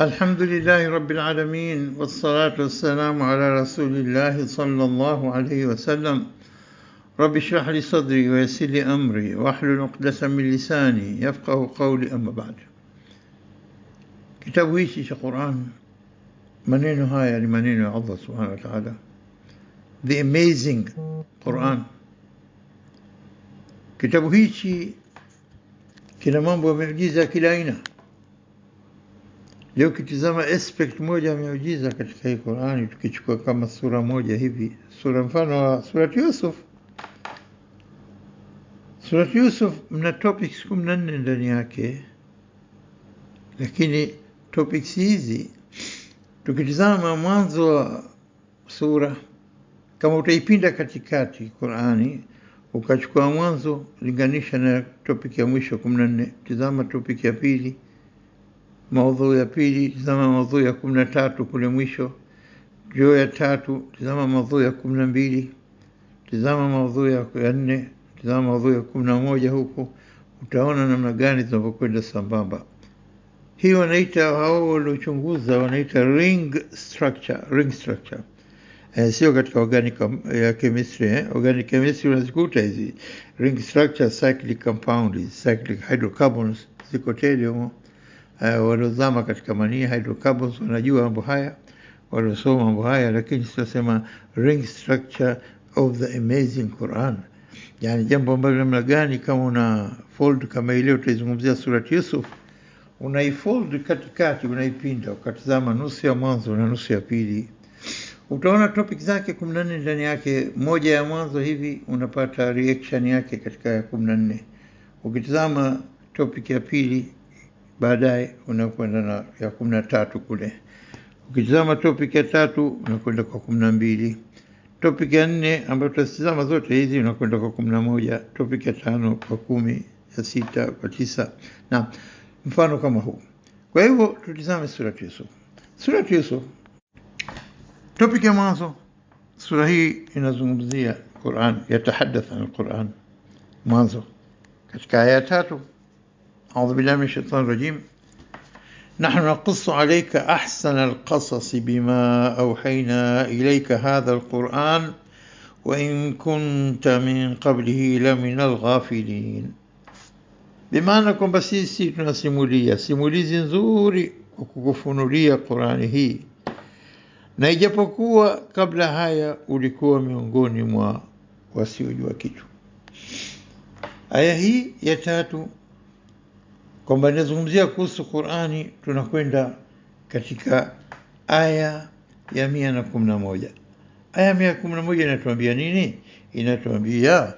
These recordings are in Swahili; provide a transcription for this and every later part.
الحمد لله رب العالمين والصلاة والسلام على رسول الله صلى الله عليه وسلم رب اشرح لي صدري ويسر لي أمري واحلل عقدة من لساني يفقه قولي أما بعد كتاب ويسي في قرآن منينو هاي يعني منينو الله سبحانه وتعالى The Amazing Quran كتاب ويسي كلمان بمعجزة كلاينا Leo kitizama aspect eh, moja ameujiza katika hii Qur'ani, tukichukua kama sura moja hivi, sura mfano wa Surat Yusuf. Surat Yusuf mna topics kumi na nne ndani yake, lakini topics hizi tukitizama mwanzo wa sura, kama utaipinda katikati Qur'ani ukachukua mwanzo linganisha na topic ya mwisho kumi na nne, tizama topic ya pili maudhui ya pili, tizama maudhui ya kumi na tatu kule mwisho. Juu ya tatu, tizama maudhui ya kumi na mbili. Tizama maudhui ya nne, tizama maudhui ya kumi na moja huku utaona namna gani zinavyokwenda sambamba. Hii wanaita hao waliochunguza wanaita ring structure, ring structure. Eh, sio katika organic ya chemistry eh? Organic chemistry unazikuta hizi ring structure, cyclic cyclic hydrocarbons ziko tele humo. Eh, waliozama katika manii hydrocarbons wanajua mambo haya, waliosoma mambo haya, lakini tunasema ring structure of the amazing Quran, yani jambo ambalo namna gani, kama una fold kama ile utaizungumzia surati Yusuf, unaifold katikati, unaipinda, ukatazama nusu ya mwanzo na nusu ya pili utaona topic zake 14 ndani yake. Moja ya mwanzo hivi unapata reaction yake katika ya 14 ukitazama topic ya pili baadaye unakwenda na ya kumi na tatu kule. Ukitizama topic ya tatu unakwenda kwa kumi na mbili topic ya nne ambayo tutazitizama zote hizi unakwenda kwa kumi na moja topic ya tano kwa kumi ya sita kwa tisa na mfano kama huu. Kwa hivyo tutizame surati Yusuf. Surati Yusuf, topic ya mwanzo. Sura hii inazungumzia Qur'an, yatahadath an Qur'an, mwanzo katika aya tatu أعوذ بالله من الشيطان الرجيم نحن نقص عليك أحسن القصص بما أوحينا إليك هذا القرآن وإن كنت من قبله لمن الغافلين بما أنكم بسيسي تنا سيمولية سيموليزي زنزوري وكوكوفونولية قرآن هي نيجبكوا قبل هيا ولكوا من miongoni mwa wasiojua kitu. Aya hii kwamba inazungumzia kuhusu Qur'ani, tunakwenda katika aya ya mia na kumi na moja. Aya mia kumi na moja inatuambia nini? Inatuambia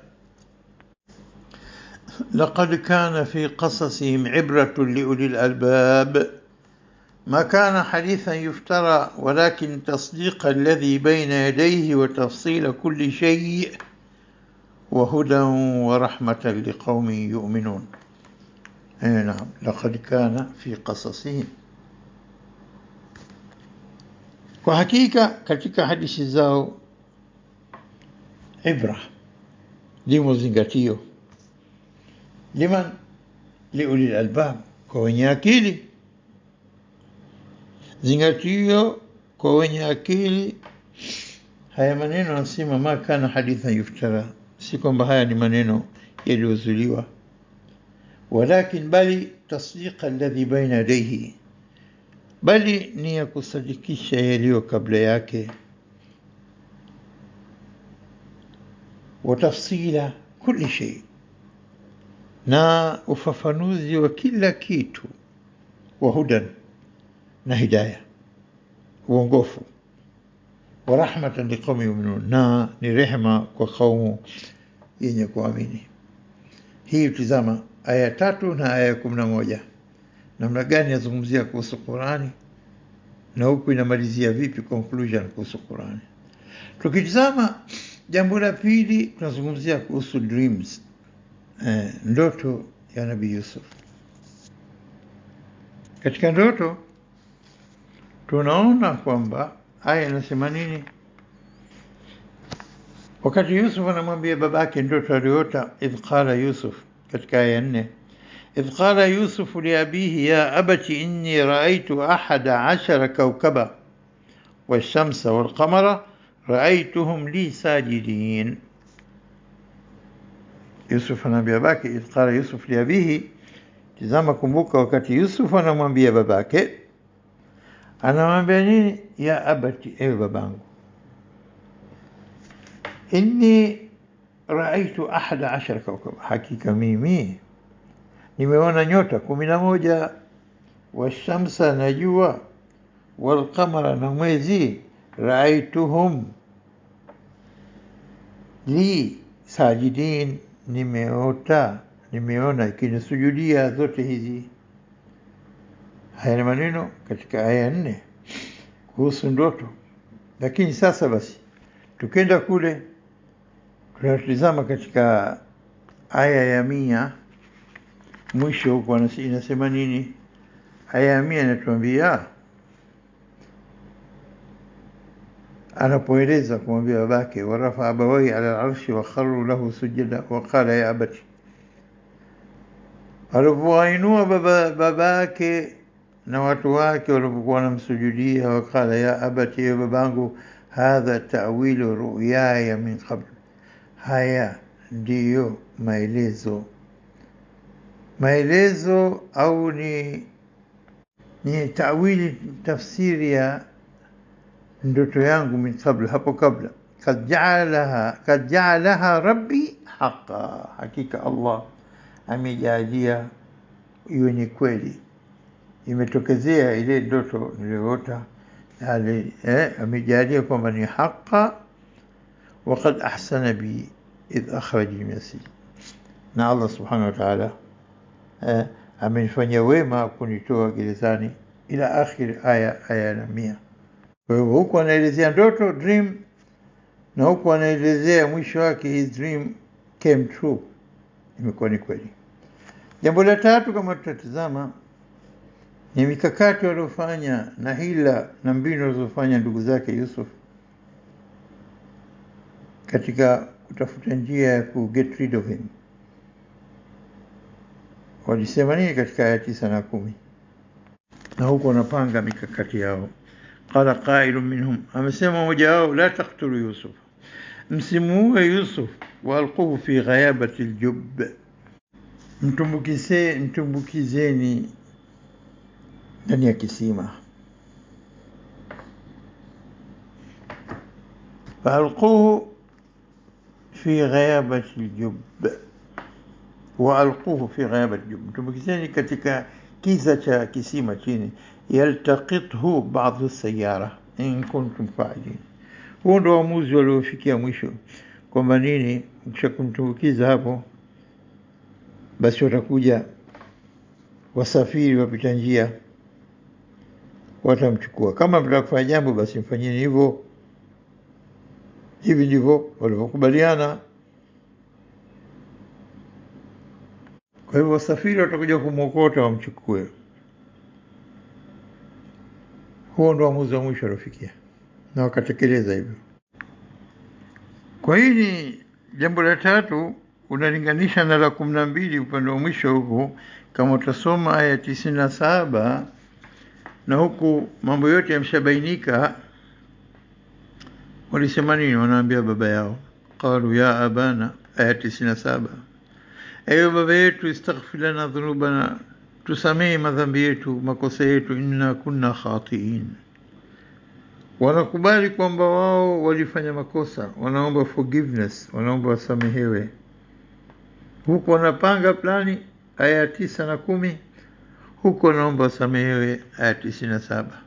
لقد كان في قصصهم عبرة لأولي الألباب ما كان حديثا يفترى ولكن تصديق الذي بين يديه وتفصيل كل شيء وهدى ورحمة لقوم يؤمنون أي نعم لقد كان في قصصهم kwa hakika katika hadithi zao ibra limo zingatio liman liuli albab kwa wenye akili zingatio kwa wenye akili haya maneno anasema ma kana hadithan yuftara si kwamba haya ni maneno yaliyozuliwa ولكن bali tasdiqa alladhi baina yadayhi, bali ni ya kusadikisha yaliyo kabla yake, wa tafsila kulli shay, na ufafanuzi wa kila kitu, wa hudan, na hidaya uongofu, wa rahmatan liqaumi yuminun, na ni rehema kwa kaumu yenye kuamini. Hii utizama aya ya tatu na aya ya kumi na moja namna gani yazungumzia kuhusu Qurani na huku inamalizia vipi conclusion kuhusu Qurani. Tukitizama jambo la pili, tunazungumzia kuhusu dreams eh, ndoto ya Nabii Yusuf. Katika ndoto tunaona kwamba aya inasema nini? Wakati Yusuf anamwambia babake ndoto aliyoota, idh qala Yusuf كتكاين إذ قال يوسف لأبيه يا أبت إني رأيت أحد عشر كوكبا والشمس والقمر رأيتهم لي ساجدين يوسف نبي أباك إذ قال يوسف لأبيه تزام كمبوك وكات يوسف نبي أباك أنا مبيني يا أبت إيه إني raaitu ahada ashara kaukaba, hakika mimi nimeona nyota kumi na moja, washamsa na jua, walqamara na mwezi, raaituhum li sajidin, nimeota nimeona ikinisujudia zote hizi. Haya ni maneno katika aya nne kuhusu ndoto. Lakini sasa basi, tukenda kule Tunatizama katika aya ya mia mwisho huko inasema nini? Aya ya mia inatuambia anapoeleza kumwambia babake, warafa abawai ala arshi wakharu lahu sujada waqala ya abati, alipowainua baba babake na watu wake walipokuwa wanamsujudia, wakala ya abati, ya babangu, hadha tawilu ruyaya min qablu Haya ndiyo maelezo. Maelezo au ni, ni tawili tafsiri ya ndoto yangu min kabla, hapo kabla. Kad jaalaha, rabbi haqa, hakika Allah amejaalia hiyo ni kweli, imetokezea ile ndoto niliyoota eh, amejaalia kwamba ni haqa وقد أحسن بي إذ أخرج Misri na Allah subhanahu wa ta'ala eh, amenifanyia wema kunitoa gerezani ila akhir aya aya na mia kwa hivyo huku anaelezea ndoto dream na huku anaelezea mwisho wake his dream came true imekuwa ni kweli jambo la tatu kama tutatizama ni mikakati waliofanya na hila na mbinu walizofanya ndugu zake Yusuf katika kutafuta njia ya ku get rid of him walisema nini katika aya tisa na kumi na huko wanapanga mikakati yao qala qailun minhum amesema mmoja wao la taktulu yusuf msimuue yusuf waalquhu fi ghayabati ljub mtumbukizeni mtumbukizeni ndani ya kisima faalquhu في غيابة الجب waalquhu fi ghayabati jub, tumbukizeni katika kiza cha kisima chini. Yaltaqithu ba'dhu sayara in kuntum fa'ilin. Huo ndo uamuzi waliofikia mwisho kwamba nini, kisha kumtumbukiza hapo, basi watakuja wasafiri, wapita njia, watamchukua. Kama mtakufanya jambo, basi mfanyeni hivyo hivi ndivyo walivyokubaliana. Kwa hivyo wasafiri watakuja kumwokota wamchukue. Huo ndo uamuzi wa mwisho waliofikia na wakatekeleza hivyo. Kwa hili jambo la tatu unalinganisha na la kumi na mbili upande wa mwisho huku, kama utasoma aya tisini na saba na huku mambo yote yameshabainika. Walisema nini? Wanaambia baba yao, qalu ya abana, aya saba ewe baba yetu, istaghfir lana dhunubana, tusamehe madhambi yetu makosa yetu, inna kunna khatiin. Wanakubali kwamba wao walifanya makosa, wanaomba forgiveness, wanaomba wasamehewe, huku wanapanga plani, aya tisa na kumi, huku wanaomba wasamehewe, aya tisini na saba.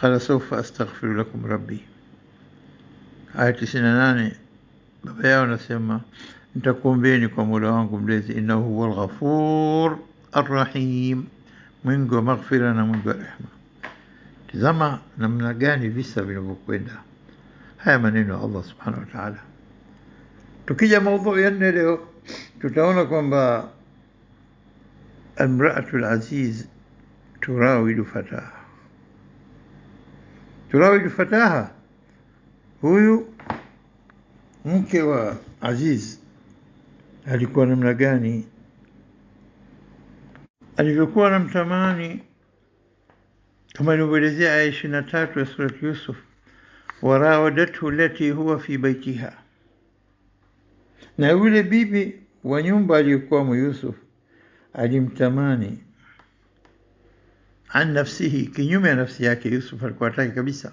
Qala saufa astaghfiru lakum rabbi aya tisini na nane baba yao anasema nitakuombeeni kwa mola wangu mlezi, innahu huwa alghafur arrahim, mwingi wa maghfira na mwingi wa rehma. Tizama namna gani visa vinavyokwenda haya maneno ya Allah subhanahu wa Tukija maudhui ya nne leo, tutaona kwamba almraatul aziz turawidu fataha, turawidu fataha Huyu mke wa Aziz alikuwa namna gani? Alivyokuwa na mtamani kama ilivyoelezea aya ishirini na tatu ya surati Yusuf, warawadathu lati huwa fi baitiha, na yule bibi wa nyumba aliyokuwamo Yusuf alimtamani an nafsihi, kinyume ya nafsi yake. Yusuf alikuwa atake kabisa.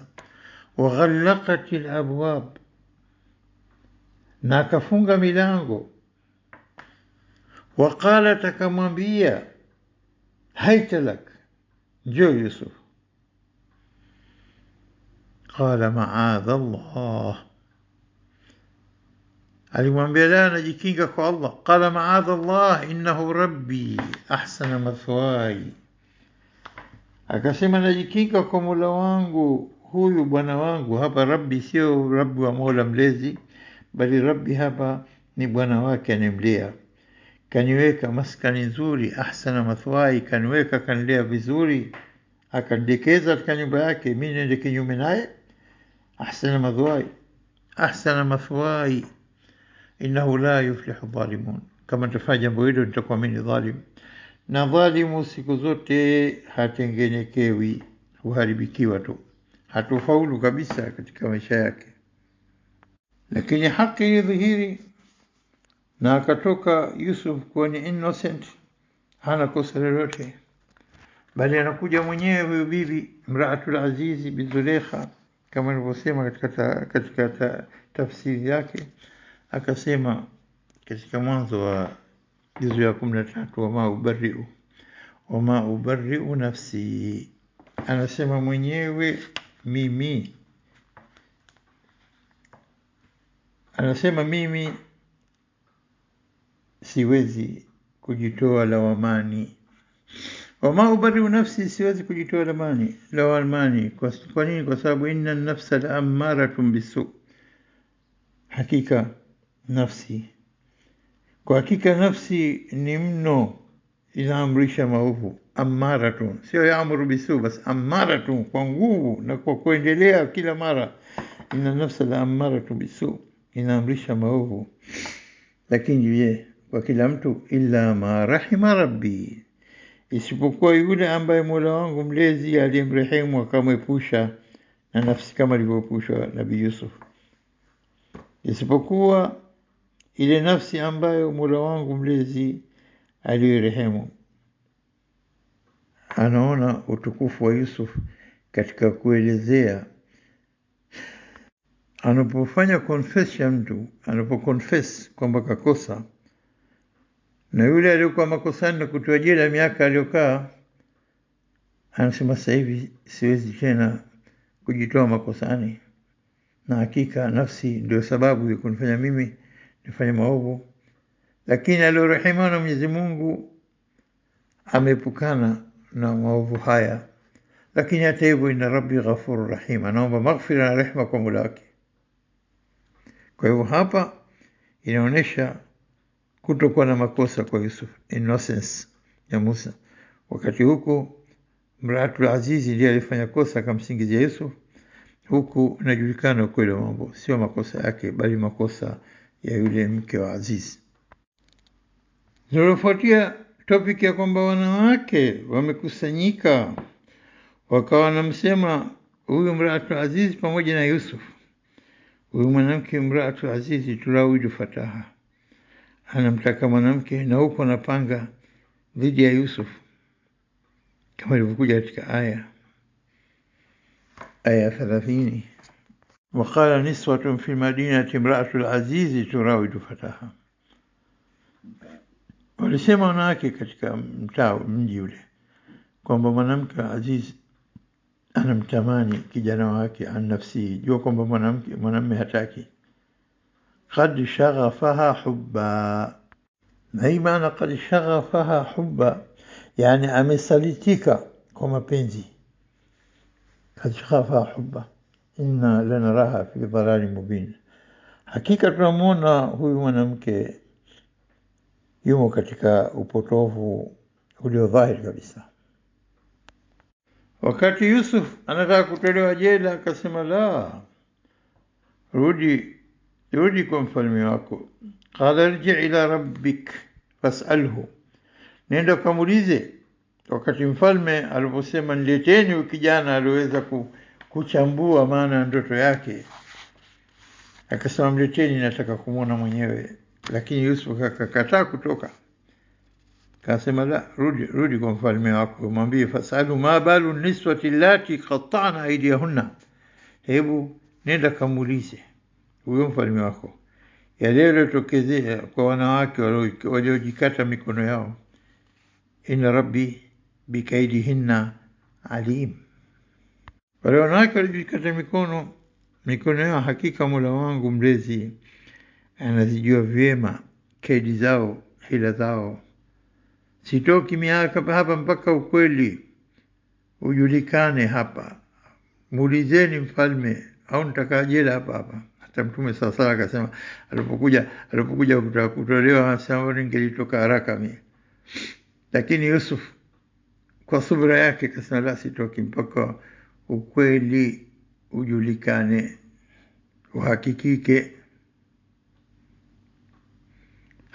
وغلقت الأبواب ناكفونغا ميلانغو وقالت كمبيا هيت لك جو يوسف قال معاذ الله المنبيا لا نجيكينغا الله قال معاذ الله إنه ربي أحسن مثواي أكسيما نجيكينغا كومولوانغو huyu bwana wangu hapa rabbi sio rabbi wa mola mlezi bali rabbi hapa ni bwana wake anemlea kaniweka maskani nzuri ahsana mathwai kaniweka kanilea vizuri akandekeza katika nyumba yake mi niende kinyume naye ahsana mathwai ahsana mathwai innahu la yuflihu dhalimun kama nitafanya jambo hilo nitakuwa mi ni dhalimu na dhalimu siku zote hatengenekewi huharibikiwa tu hatofaulu kabisa katika maisha yake, lakini haki ilidhihiri na akatoka Yusuf kuwa ni innocent, hana kosa lolote, bali anakuja mwenyewe huyu bibi Imraatul Azizi kama alivyosema katika, ta, katika ta, tafsiri yake akasema katika mwanzo wa juzu ya kumi na tatu wama ubariu wama ubariu nafsi, anasema mwenyewe mimi anasema mimi siwezi kujitoa lawamani wama ubariu nafsi siwezi kujitoa lamani lawamani kwa, kwa nini kwa sababu inna nafsa la ammaratun bisu hakika nafsi kwa hakika nafsi ni mno inaamrisha maovu amara tu, sio yaamuru bisu bas amara tu, kwa nguvu na kwa kuendelea kila mara. Ina nafsa la amara tu bisu, inaamrisha maovu. Lakini je, kwa kila mtu, illa ma rahima rabbi, isipokuwa yule ambaye Mola wangu mlezi aliyemrehemu akamwepusha na nafsi kama alivyoepushwa nabi Yusuf, isipokuwa ile nafsi ambayo Mola wangu mlezi aliyerehemu anaona utukufu wa Yusuf katika kuelezea anapofanya confession, mtu anapoconfess kwamba kakosa, na yule aliyokuwa makosani na kutiwa jela miaka aliyokaa, anasema sasa hivi siwezi tena kujitoa makosani, na hakika nafsi ndio sababu ya kunifanya mimi nifanye maovu, lakini aliorehemiwa na Mwenyezi Mungu ameepukana na maovu haya, lakini hata hivyo ina rabbi ghafuru rahim, anaomba maghfira na rehma kwa mula wake. Kwa hivyo hapa inaonyesha kutokuwa na makosa kwa Yusuf, innocence ya Musa. Wakati huku mratu Azizi ndiye alifanya kosa akamsingizia Yusuf, huku inajulikana ukweli wa mambo, sio makosa yake, bali makosa ya yule mke wa Azizi. Linalofuatia topic ya kwamba wanawake wamekusanyika wakawa wanamsema huyu mraatu azizi pamoja na Yusuf, huyu mwanamke mraatu azizi tulauju fataha, anamtaka mwanamke na huko anapanga dhidi ya Yusuf kama ilivyokuja katika aya aya thelathini waqala niswatun fi lmadinati mraatu lazizi turawidu fataha Walisema wanawake katika mtaa mji ule kwamba mwanamke Aziz anamtamani kijana wake annafsihi, jua kwamba mwanamke mwanamme hataki. kad shaghafaha hubba, na hii maana kad shaghafaha hubba, yani amesalitika kwa mapenzi. kad shaghafaha hubba inna lanaraha fi dhalali mubin, hakika tunamwona huyu mwanamke yumo katika upotovu ulio dhahiri kabisa. Wakati Yusuf anataka kutolewa jela, akasema la, rudi rudi kwa mfalme wako. Qala rji ila rabbik fasalhu, nenda ukamulize. Wakati mfalme aliposema nileteni kijana aliweza kuchambua maana ya ndoto yake, akasema mleteni, nataka kumwona mwenyewe. Lakini Yusuf akakataa kutoka, kasema la, rudi, rudi kwa mfalme wako mwambie, fasalu ma balu niswati lati katana aidiyahunna, hebu nenda kamulize huyo mfalme wako yale yaliyotokezea kwa wanawake waliojikata mikono yao. Inna rabbi bikaidihinna alim, wale wanawake waliojikata mikono mikono yao, hakika Mola wangu mlezi anazijua vyema kedi zao, hila zao. Sitoki miaka hapa mpaka ukweli ujulikane hapa. Muulizeni mfalme au nitakaa hapa hapa. Hata Mtume saa akasema, alipokuja alipokuja kutolewa, anasema ningelitoka haraka mi lakini Yusuf kwa subra yake kasema la, sitoki mpaka ukweli ujulikane, uhakikike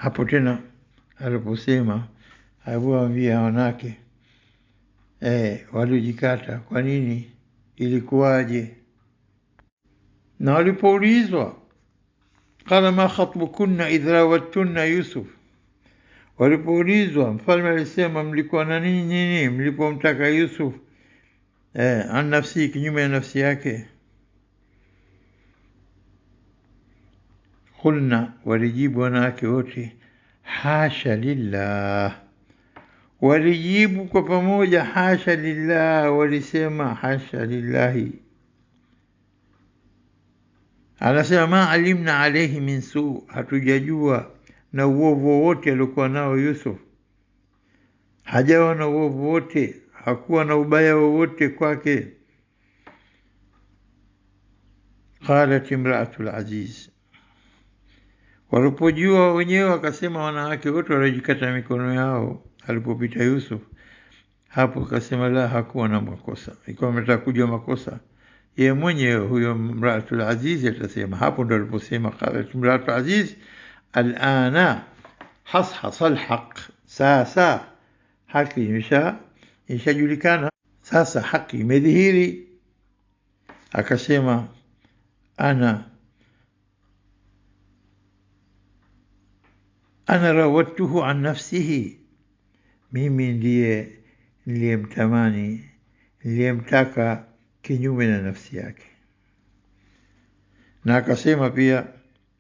hapo tena aliposema aliwaambia wanake e, waliojikata kwa nini ilikuwaje na walipoulizwa kala ma khatbukunna idh rawadtunna yusuf walipoulizwa mfalme alisema mlikuwa na nini nini mlipomtaka yusuf eh, an nafsi kinyume ya nafsi yake Kulna, walijibu wanawake wote, hasha lillah. Walijibu kwa pamoja, hasha lillah, walisema hasha lillahi. Anasema ma alimna alaihi min su hatujajua na uovu wowote aliokuwa nao Yusuf. Hajawa na uovu wote, hakuwa na ubaya wowote kwake. Qalat imraatu laziz Walipojua wenyewe wakasema, wanawake wote walijikata mikono yao alipopita Yusuf. Hapo akasema la, hakuwa na makosa. Ikiwa mnataka kujua makosa, ye mwenyewe huyo mraatul aziz atasema. Hapo ndo aliposema qalat mraatul aziz alana hashasa alhaq, sasa haki imesha sasa haki imedhihiri. Akasema ana ana rawadtuhu an nafsihi, mimi ndiye niliyemtamani, niliyemtaka kinyume na nafsi yake. Na akasema pia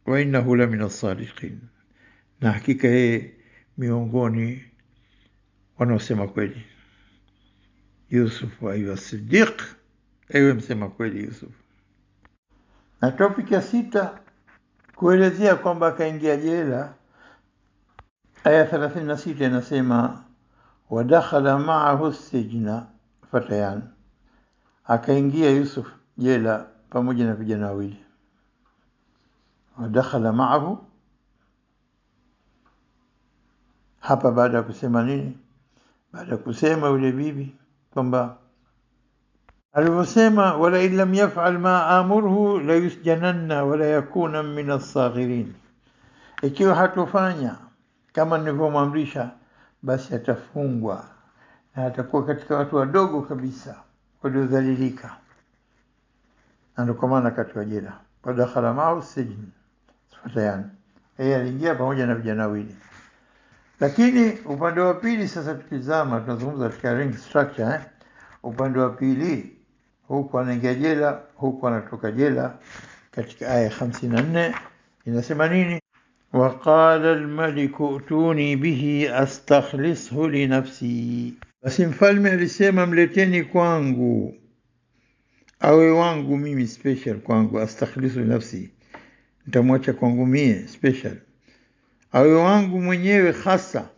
wa innahu la min alsadiqin, na hakika yeye miongoni wanaosema kweli. Yusuf ayuha Siddiq, ewe msema kweli Yusuf. Na topic ya sita kuelezea kwamba akaingia jela Aya 36 inasema wadakhala maahu sijna fatayan, akaingia Yusuf jela pamoja na vijana wawili. Wadakhala maahu hapa, baada ya kusema nini? Baada ya kusema yule bibi kwamba alivyosema, wala lam yafal ma amurhu la yusjananna wala yakuna min as ikiwa hatofanya kama nilivyomwamrisha, basi atafungwa na atakuwa katika watu wadogo kabisa waliodhalilika, na ndio kwa maana jela. Wadakhala mau sijni sifatayani, yeye aliingia pamoja na vijana wili Lakini upande wa pili sasa, tukizama, tunazungumza katika ring structure eh? Upande wa pili huku anaingia jela, huku anatoka jela. Katika aya 54 inasema nini? وقال الملك ائتوني به أستخلصه لنفسي basi mfalme alisema mleteni kwangu awe wangu mimi special kwangu astakhlisu nafsi nitamwacha kwangu mie special awe wangu mwenyewe hasa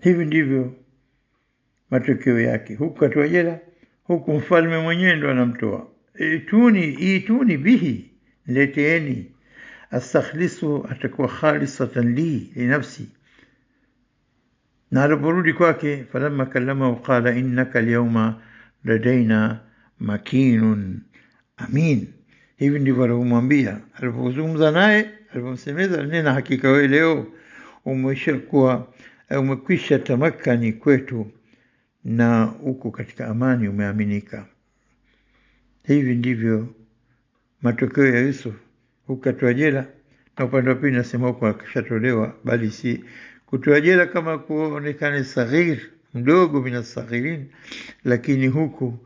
hivi ndivyo matokeo yake huku katua jela huku mfalme mwenyewe ndo anamtoa ituni ituni bihi leteeni astakhlisu atakuwa khalisatan li linafsi na aliporudi kwake falamma kallamahu qala innaka alyawma ladaina makinun amin hivi ndivyo alivyomwambia alipozungumza naye alipomsemeza nena hakika wewe leo umeshakuwa umekwisha tamakani kwetu na uko katika amani umeaminika hivi ndivyo matokeo ya yusuf kukatwa jela na upande wa pili nasema huko akishatolewa, bali si kutoa jela kama kuonekana saghir mdogo min asaghirin, lakini huku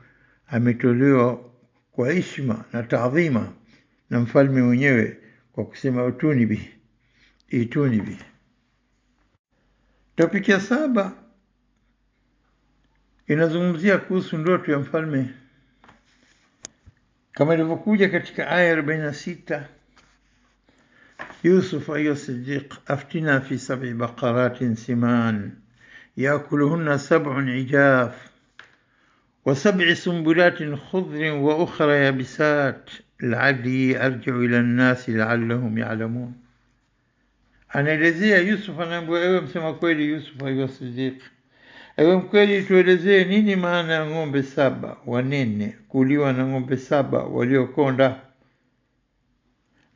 ametolewa kwa heshima na taadhima na mfalme mwenyewe kwa kusema utuni bi ituni bi. Topiki ya saba inazungumzia kuhusu ndoto ya mfalme kama ilivyokuja katika aya 46 يوسف أيها الصديق أفتنا في سبع بقرات سمان يأكلهن سبع عجاف وسبع سنبلات خضر وأخرى يابسات لعلي أرجع إلى الناس لعلهم يعلمون أنا لزي يوسف أنا أبو سما كويلي يوسف أيها الصديق أيها كويلي تولزي نيني ما أنا أغوم بسابة ونيني كولي وأنا أغوم بسابة وليو كون ده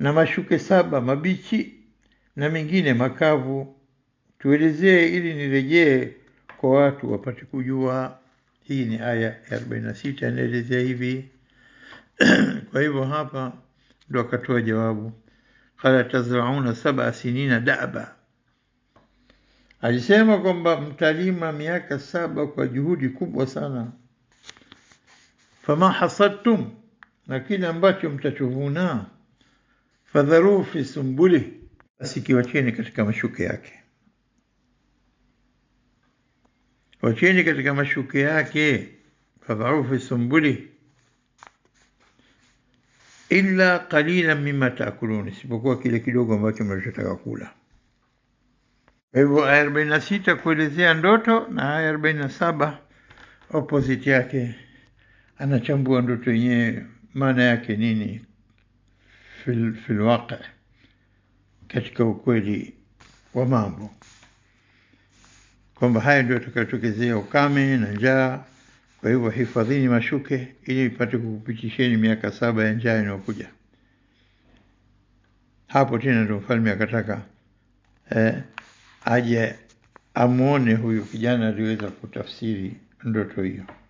na mashuke saba mabichi na mengine makavu. Tuelezee ili nirejee kwa watu wapate kujua. Hii ni aya 46 inaelezea hivi kwa hivyo hapa ndo akatoa jawabu, kala tazrauna sab'a sinina da'ba, alisema kwamba mtalima miaka saba kwa juhudi kubwa sana. Fama hasadtum, na kile ambacho mtachovuna fadharuhu fi sumbuli, basi kiwacheni katika mashuke yake, wacheni katika mashuke yake. fadharuhu fi sumbuli illa qalilan mimma taakulun, isipokuwa kile kidogo ambacho mnachotaka kula. Kwa hivyo aya 46 kuelezea ndoto na aya 47 opposite yake, anachambua ndoto yenyewe maana yake nini fi, fi lwaqi katika ukweli wa mambo kwamba haya ndio yatakayotokezea ukame na njaa kwa hivyo hifadhini mashuke ili ipate kukupitisheni miaka saba ya njaa inayokuja hapo tena ndo mfalme akataka eh, aje amwone huyu kijana aliweza kutafsiri ndoto hiyo